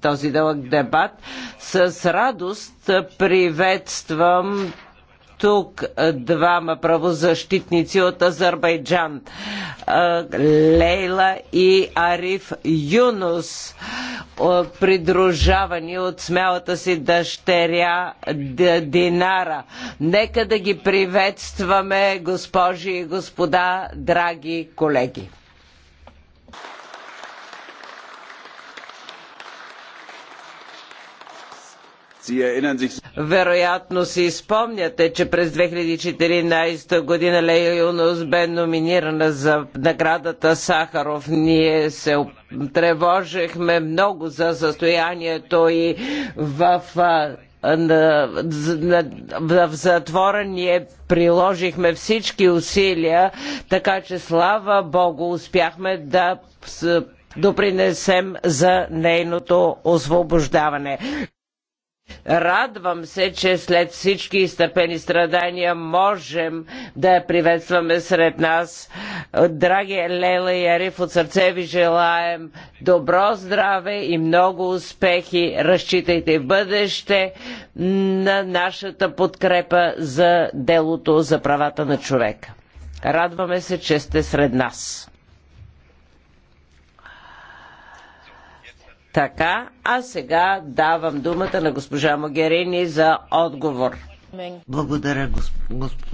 този дълъг дебат. С радост приветствам тук двама правозащитници от Азербайджан Лейла и Ариф Юнус, придружавани от смялата си дъщеря Динара. Нека да ги приветстваме, госпожи и господа, драги колеги. Вероятно си спомняте, че през 2014 година Лея Юнус бе номинирана за наградата Сахаров. Ние се тревожихме много за състоянието и в в затвора ние приложихме всички усилия, така че слава Богу успяхме да допринесем за нейното освобождаване. Радвам се, че след всички изтъпени страдания можем да я приветстваме сред нас. Драги Лела и Ариф, от сърце ви желаем добро здраве и много успехи. Разчитайте в бъдеще на нашата подкрепа за делото за правата на човека. Радваме се, че сте сред нас. Така, а сега давам думата на госпожа Могерини за отговор. Благодаря,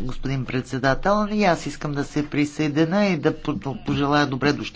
господин председател. И аз искам да се присъединя и да пожелая добре дошли